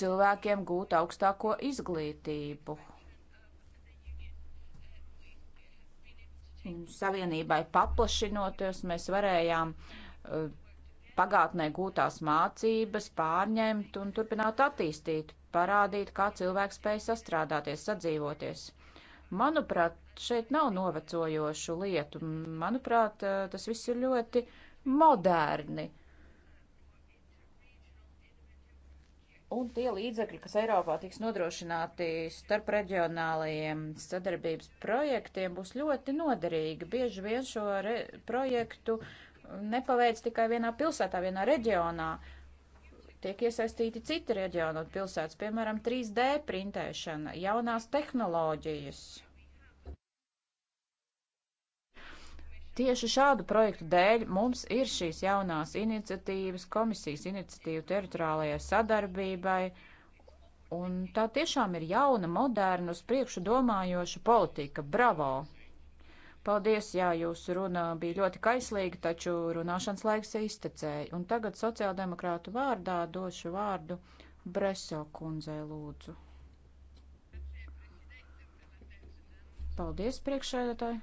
cilvēkiem gūt augstāko izglītību. Savienībai paplašinoties, mēs varējām uh, pagātnē gūtās mācības pārņemt un turpināt attīstīt, parādīt, kā cilvēks spēj sastrādāties, sadzīvoties. Manuprāt, šeit nav novecojošu lietu. Manuprāt, uh, tas viss ir ļoti moderni. Uh, un tie līdzekļi, kas Eiropā tiks nodrošināti starp reģionālajiem sadarbības projektiem, būs ļoti noderīgi. Bieži vien šo projektu nepaveic tikai vienā pilsētā, vienā reģionā. Tiek iesaistīti citi reģioni un pilsētas, piemēram, 3D printēšana, jaunās tehnoloģijas. Tieši šādu projektu dēļ mums ir šīs jaunās iniciatīvas, komisijas iniciatīva teritoriālajai sadarbībai, un tā tiešām ir jauna, moderna, uz priekšu domājoša politika. Bravo! Paldies, jā, jūsu runa bija ļoti kaislīga, taču runāšanas laiks iztecēja. Un tagad sociāldemokrātu vārdā došu vārdu Breso kundzei lūdzu. Paldies, priekšsēdētāji.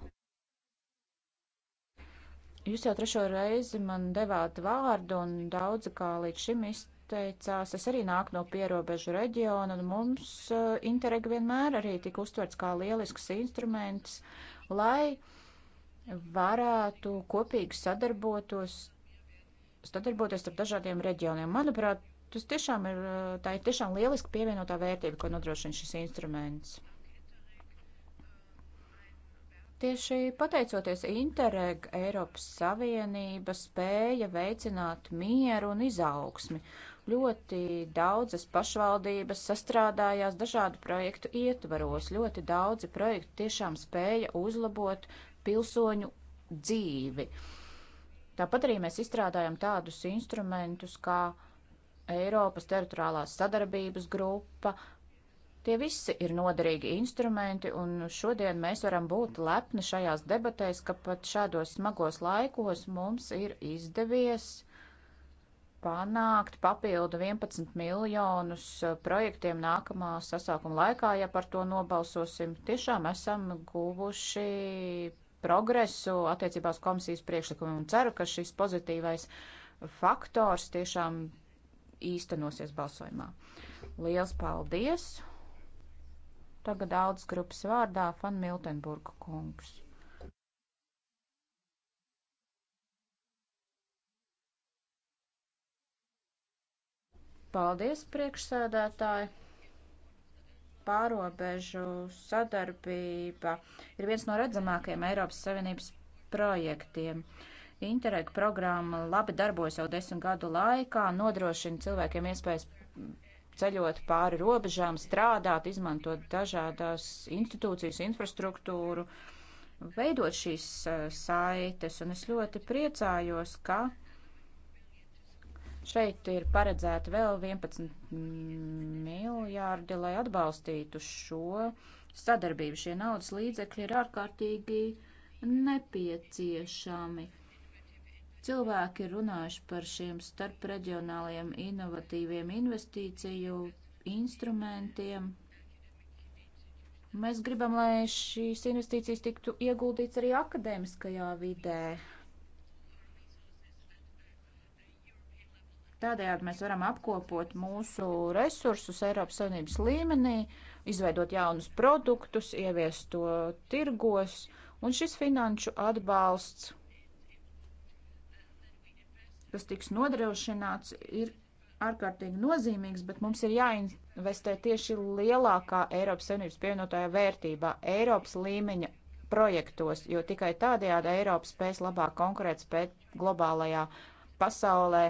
Jūs jau trešo reizi man devāt vārdu, un daudzi, kā līdz šim izteicās, es arī nāku no pierobežu reģiona, un mums eh, Interreg vienmēr arī tika uztverts kā lielisks instruments, lai varētu kopīgi sadarbotos, sadarboties ar dažādiem reģioniem. Manuprāt, tas tiešām ir, eh, tā ir tiešām lieliska pievienotā vērtība, ko nodrošina šis instruments. Tieši pateicoties Interreg, Eiropas Savienība spēja veicināt mieru un izaugsmi. Ļoti daudzas pašvaldības sastrādājās dažādu projektu ietvaros, ļoti daudzi projekti tiešām spēja uzlabot pilsoņu dzīvi. Tāpat arī mēs izstrādājam tādus instrumentus kā Eiropas teritoriālās sadarbības grupa, Tie visi ir noderīgi instrumenti, un šodien mēs varam būt lepni šajās debatēs, ka pat šādos smagos laikos mums ir izdevies panākt papildu 11 miljonus eh, projektiem nākamā sasākuma laikā, ja par to nobalsosim. Tiešām esam guvuši progresu attiecībās komisijas priekšlikumiem un ceru, ka šis pozitīvais faktors tiešām īstenosies balsojumā. Liels paldies! Tagad daudz grupas vārdā Fan Miltenburga kungs. Paldies, priekšsēdētāji! Pārobežu sadarbība ir viens no redzamākajiem Eiropas Savienības projektiem. Interreg programma labi darbojas jau desmit gadu laikā, nodrošina cilvēkiem iespējas ceļot pāri robežām, strādāt, izmantot dažādās institūcijas infrastruktūru, veidot šīs eh, saites. Un es ļoti priecājos, ka šeit ir paredzēta vēl 11 miljārdi, lai atbalstītu šo sadarbību. Šie naudas līdzekļi ir ārkārtīgi nepieciešami. Cilvēki ir runājuši par šiem starpreģionāliem inovatīviem investīciju instrumentiem. Mēs gribam, lai šīs investīcijas tiktu ieguldīts arī akadēmiskajā vidē. Tādējādi mēs varam apkopot mūsu resursus Eiropas Savienības līmenī, izveidot jaunus produktus, ieviest to tirgos, un šis finanšu atbalsts kas tiks nodrošināts, ir ārkārtīgi nozīmīgs, bet mums ir jāinvestē tieši lielākā Eiropas Savienības pievienotajā vērtībā, Eiropas līmeņa projektos, jo tikai tādējādi Eiropa spēs labāk konkurēt spēt globālajā pasaulē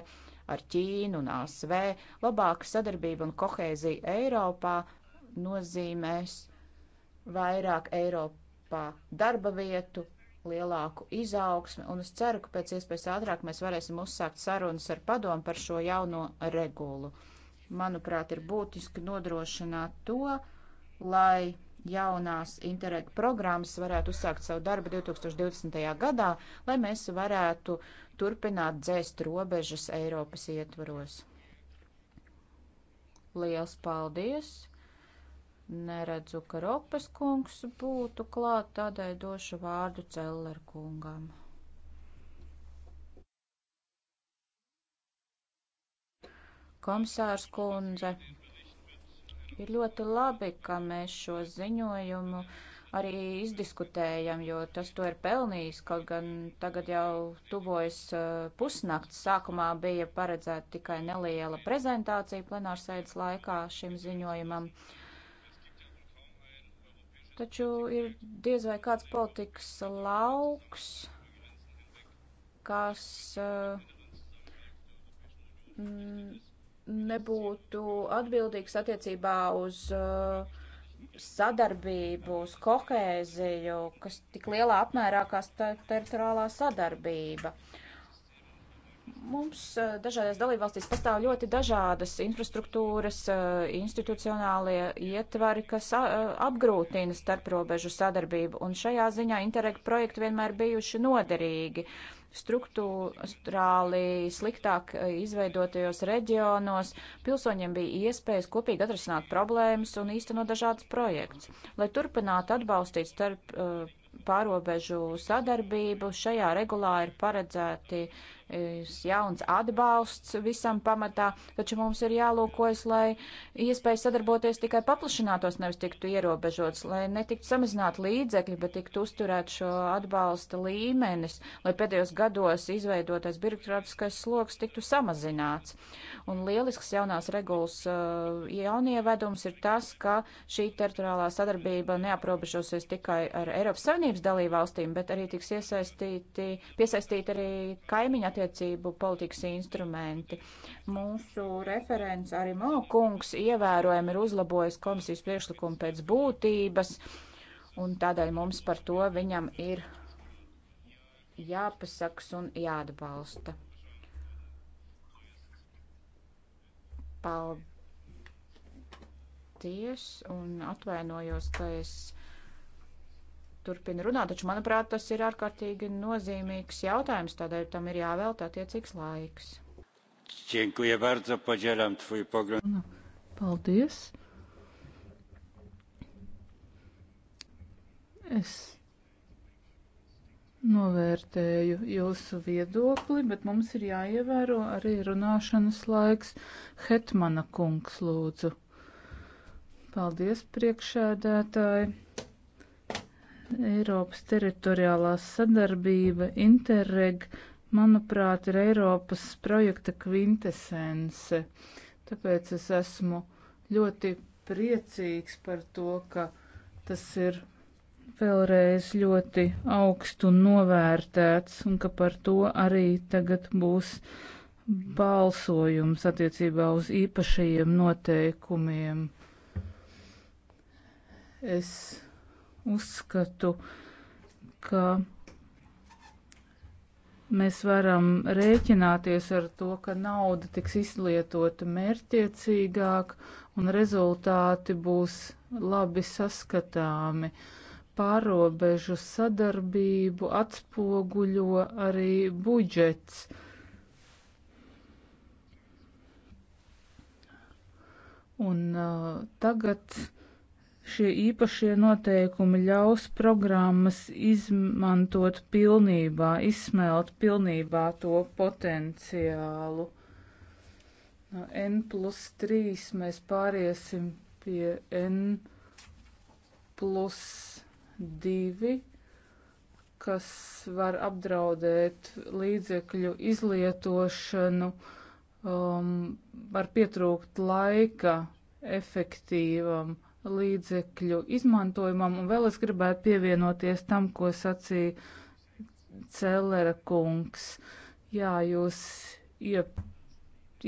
ar Ķīnu un ASV. Labāka sadarbība un kohēzija Eiropā nozīmēs vairāk Eiropā darba vietu, lielāku izaugsmi, un es ceru, ka pēc iespējas ātrāk mēs varēsim uzsākt sarunas ar padomu par šo jauno regulu. Manuprāt, ir būtiski nodrošināt to, lai jaunās Interreg programmas varētu uzsākt savu darbu 2020. gadā, lai mēs varētu turpināt dzēst robežas Eiropas ietvaros. Liels paldies! Neredzu, ka Ropes kungs būtu klāt, tādēļ došu vārdu Celler kungam. Komisārs kundze, ir ļoti labi, ka mēs šo ziņojumu arī izdiskutējam, jo tas to ir pelnījis, kaut gan tagad jau tuvojas pusnakts. Sākumā bija paredzēta tikai neliela prezentācija plenārsēdes laikā šim ziņojumam. Uh, Taču ir diez vai kāds politikas lauks, kas eh, nebūtu atbildīgs attiecībā uz eh, sadarbību, uz kohēziju, kas tik lielā apmērā kā teritoriālā sadarbība. Uh, Mums dažādās dalībvalstīs pastāv ļoti dažādas infrastruktūras, institucionālie ietvari, kas apgrūtina starprobežu sadarbību, un šajā ziņā Interreg projekti vienmēr bijuši noderīgi. Struktūrāli sliktāk izveidotajos reģionos pilsoņiem bija iespējas kopīgi atrisināt problēmas un īstenot dažādas projekts. Lai turpinātu atbalstīt starp pārobežu sadarbību, šajā regulā ir paredzēti uh, jauns atbalsts visam pamatā, taču mums ir jālūkojas, lai iespējas sadarboties tikai paplašinātos, nevis tiktu ierobežots, lai netiktu samazināt līdzekļi, bet tiktu uzturēt šo atbalsta līmenis, lai pēdējos gados izveidotais birokrātiskais sloks tiktu samazināts. Un lielisks jaunās regulas uh, jaunievedums ir tas, ka šī teritoriālā sadarbība neaprobežosies tikai ar Eiropas Savienības dalībvalstīm, bet arī tiks iesaistīti, piesaistīti arī kaimiņu attiecības attiecību politikas instrumenti. Mūsu referents arī Mokungs ievērojami ir uzlabojis komisijas priekšlikumu pēc būtības, un tādēļ mums par to viņam ir jāpasaks un jāatbalsta. Paldies un atvainojos, ka es jāturpina runāt, taču, manuprāt, tas ir ārkārtīgi nozīmīgs jautājums, tādēļ tam ir jāvēlta attiecīgs laiks. Dziękuję bardzo, podzielam twój pogląd. Nu, paldies. Es novērtēju jūsu viedokli, bet mums ir jāievēro arī runāšanas laiks. Hetmana kungs lūdzu. Paldies, priekšēdētāji. Eiropas teritoriālā sadarbība Interreg, manuprāt, ir Eiropas projekta kvintesence. Tāpēc es esmu ļoti priecīgs par to, ka tas ir vēlreiz ļoti augstu novērtēts un ka par to arī tagad būs balsojums attiecībā uz īpašajiem noteikumiem. Es uzskatu, ka mēs varam rēķināties ar to, ka nauda tiks izlietota mērķiecīgāk un rezultāti būs labi saskatāmi. Pārobežu sadarbību atspoguļo arī budžets. Un uh, tagad Šie īpašie noteikumi ļaus programmas izmantot pilnībā, izsmelt pilnībā to potenciālu. No N plus 3 mēs pāriesim pie N plus 2, kas var apdraudēt līdzekļu izlietošanu, um, var pietrūkt laika efektīvam līdzekļu izmantojumam, un vēl es gribētu pievienoties tam, ko sacīja Cellera kungs. Jā, jūs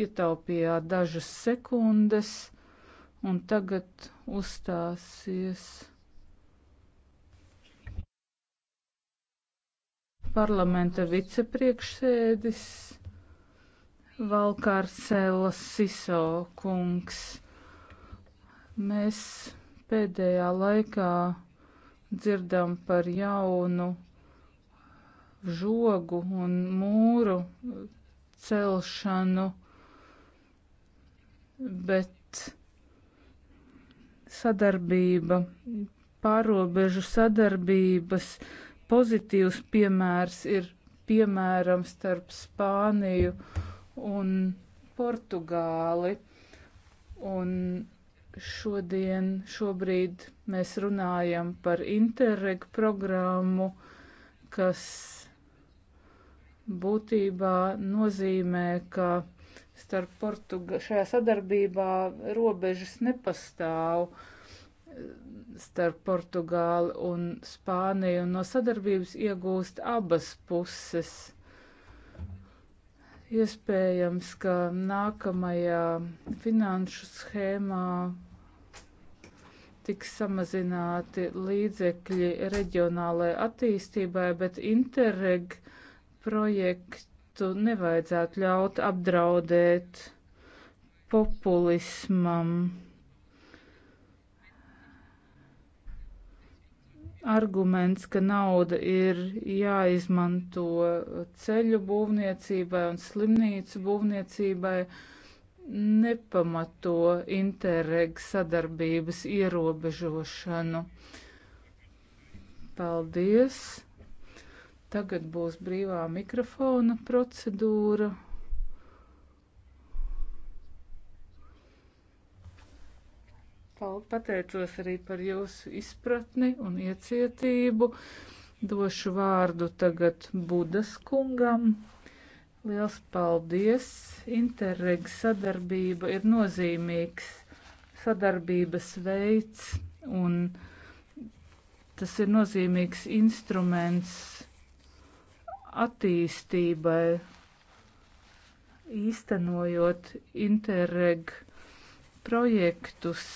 ietaupījāt dažas sekundes, un tagad uzstāsies parlamenta vicepriekšsēdis Valkārsēlas Siso kungs. Mēs pēdējā laikā dzirdam par jaunu žogu un mūru celšanu, bet sadarbība, pārobežu sadarbības pozitīvs piemērs ir piemēram starp Spāniju un Portugāli. Un Šodien, šobrīd mēs runājam par Interreg programmu, kas būtībā nozīmē, ka starp Portuga šajā sadarbībā robežas nepastāv starp Portugāli un Spāniju, un no sadarbības iegūst abas puses. Iespējams, ka nākamajā finanšu schēmā tiks samazināti līdzekļi reģionālajai attīstībai, bet Interreg projektu nevajadzētu ļaut apdraudēt populismam. arguments, ka nauda ir jāizmanto ceļu būvniecībai un slimnīcu būvniecībai, nepamato interreg sadarbības ierobežošanu. Paldies! Tagad būs brīvā mikrofona procedūra. Pateicos arī par jūsu izpratni un iecietību. Došu vārdu tagad Budas kungam. Liels paldies! Interreg sadarbība ir nozīmīgs sadarbības veids un tas ir nozīmīgs instruments attīstībai, īstenojot interreg projektus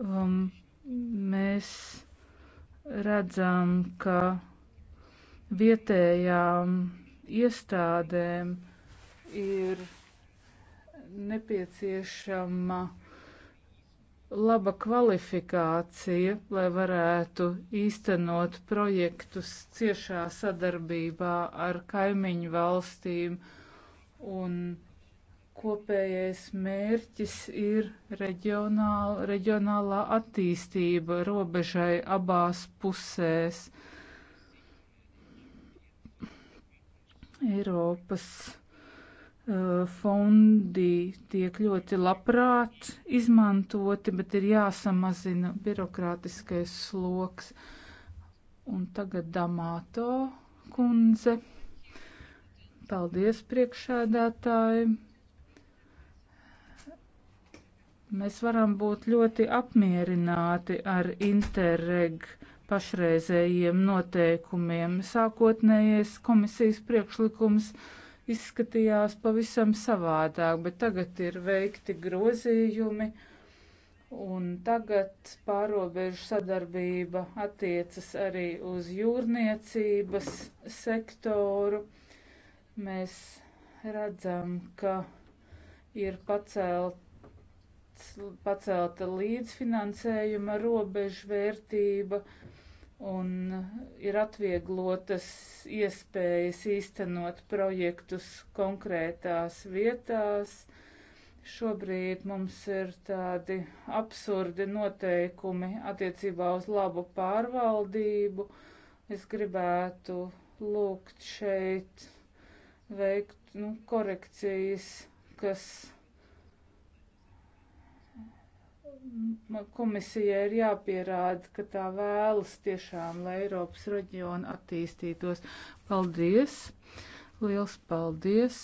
um, mēs redzam, ka vietējām iestādēm ir nepieciešama laba kvalifikācija, lai varētu īstenot projektus ciešā sadarbībā ar kaimiņu valstīm un kopējais mērķis ir reģionāla, reģionālā attīstība robežai abās pusēs. Eiropas uh, fondi tiek ļoti labprāt izmantoti, bet ir jāsamazina birokrātiskais sloks. Un tagad Damāto kundze. Paldies priekšēdētājiem! Mēs varam būt ļoti apmierināti ar Interreg pašreizējiem noteikumiem. Sākotnējais komisijas priekšlikums izskatījās pavisam savādāk, bet tagad ir veikti grozījumi un tagad pārobežu sadarbība attiecas arī uz jūrniecības sektoru. Mēs redzam, ka ir pacelt pacelta līdzfinansējuma robežvērtība un ir atvieglotas iespējas īstenot projektus konkrētās vietās. Šobrīd mums ir tādi absurdi noteikumi attiecībā uz labu pārvaldību. Es gribētu lūgt šeit veikt nu, korekcijas, kas komisijai ir jāpierāda, ka tā vēlas tiešām, lai Eiropas reģiona attīstītos. Paldies! Liels paldies!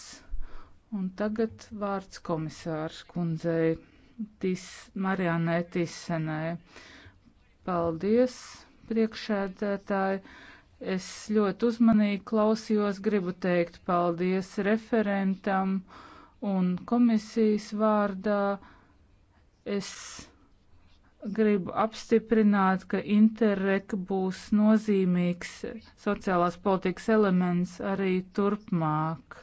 Un tagad vārds komisārs kundzei tis, Marianai Tisenai. Paldies, priekšēdētāji! Es ļoti uzmanīgi klausījos, gribu teikt paldies referentam un komisijas vārdā Es gribu apstiprināt, ka Interreg būs nozīmīgs sociālās politikas elements arī turpmāk.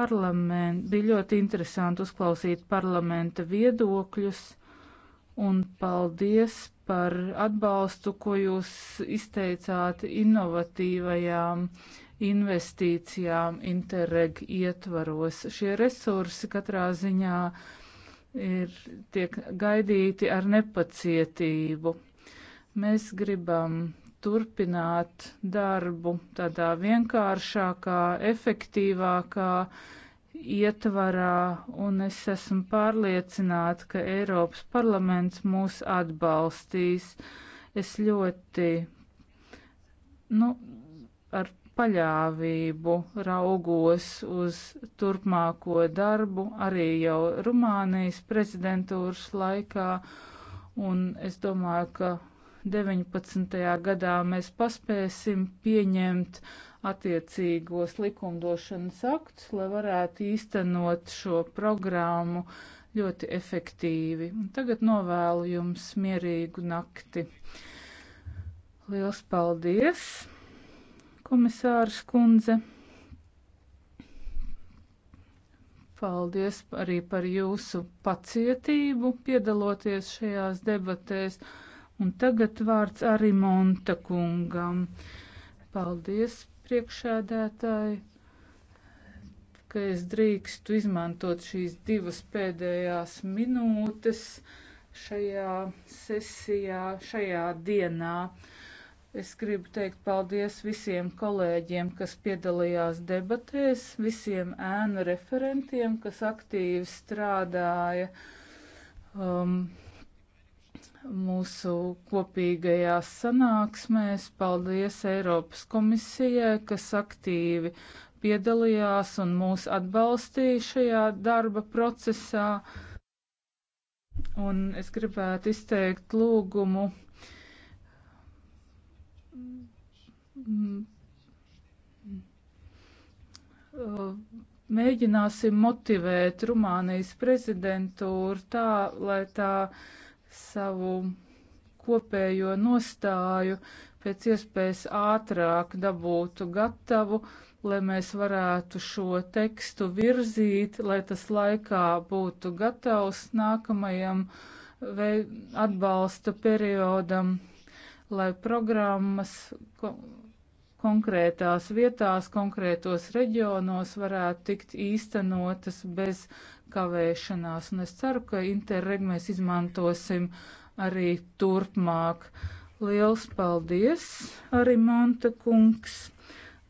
Parlament, bija ļoti interesanti uzklausīt parlamenta viedokļus un paldies par atbalstu, ko jūs izteicāt innovatīvajām investīcijām Interreg ietvaros. Šie resursi katrā ziņā uh, ir tiek gaidīti ar nepacietību. Mēs gribam turpināt darbu tādā vienkāršākā, efektīvākā ietvarā, un es esmu pārliecināta, ka Eiropas parlaments mūs atbalstīs. Es ļoti, nu, ar paļāvību raugos uz turpmāko darbu arī jau Rumānijas prezidentūras laikā, un es domāju, ka 19. gadā mēs paspēsim pieņemt attiecīgos likumdošanas aktus, lai varētu īstenot šo programmu ļoti efektīvi. Un tagad novēlu jums mierīgu nakti. Liels paldies! komisārs kundze. Paldies arī par jūsu pacietību piedaloties šajās debatēs. Un tagad vārds arī Monta kungam. Paldies, priekšēdētāji, ka es drīkstu izmantot šīs divas pēdējās minūtes šajā sesijā, šajā dienā. Es gribu teikt paldies visiem kolēģiem, kas piedalījās debatēs, visiem ēnu referentiem, kas aktīvi strādāja um, mūsu kopīgajās sanāksmēs. Paldies Eiropas komisijai, kas aktīvi piedalījās un mūs atbalstīja šajā darba procesā. Un es gribētu izteikt lūgumu Mm. mēģināsim motivēt Rumānijas prezidentūru tā, lai tā savu kopējo nostāju pēc iespējas ātrāk dabūtu gatavu, lai mēs varētu šo tekstu virzīt, lai tas laikā būtu gatavs nākamajam atbalsta periodam, lai programmas konkrētās vietās, konkrētos reģionos varētu tikt īstenotas bez kavēšanās. Un es ceru, ka interreg mēs izmantosim arī turpmāk. Liels paldies, arī Monta kungs.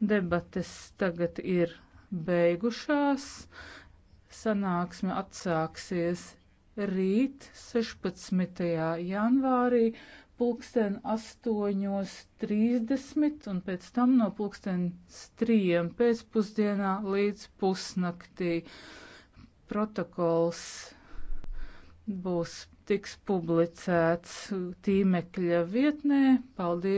Debates tagad ir beigušās. Sanāksme atsāksies rīt 16. janvārī pulksten 8.30 un pēc tam no pulksten 3 pēcpusdienā līdz pusnaktī. Protokols būs tiks publicēts tīmekļa vietnē. Paldies!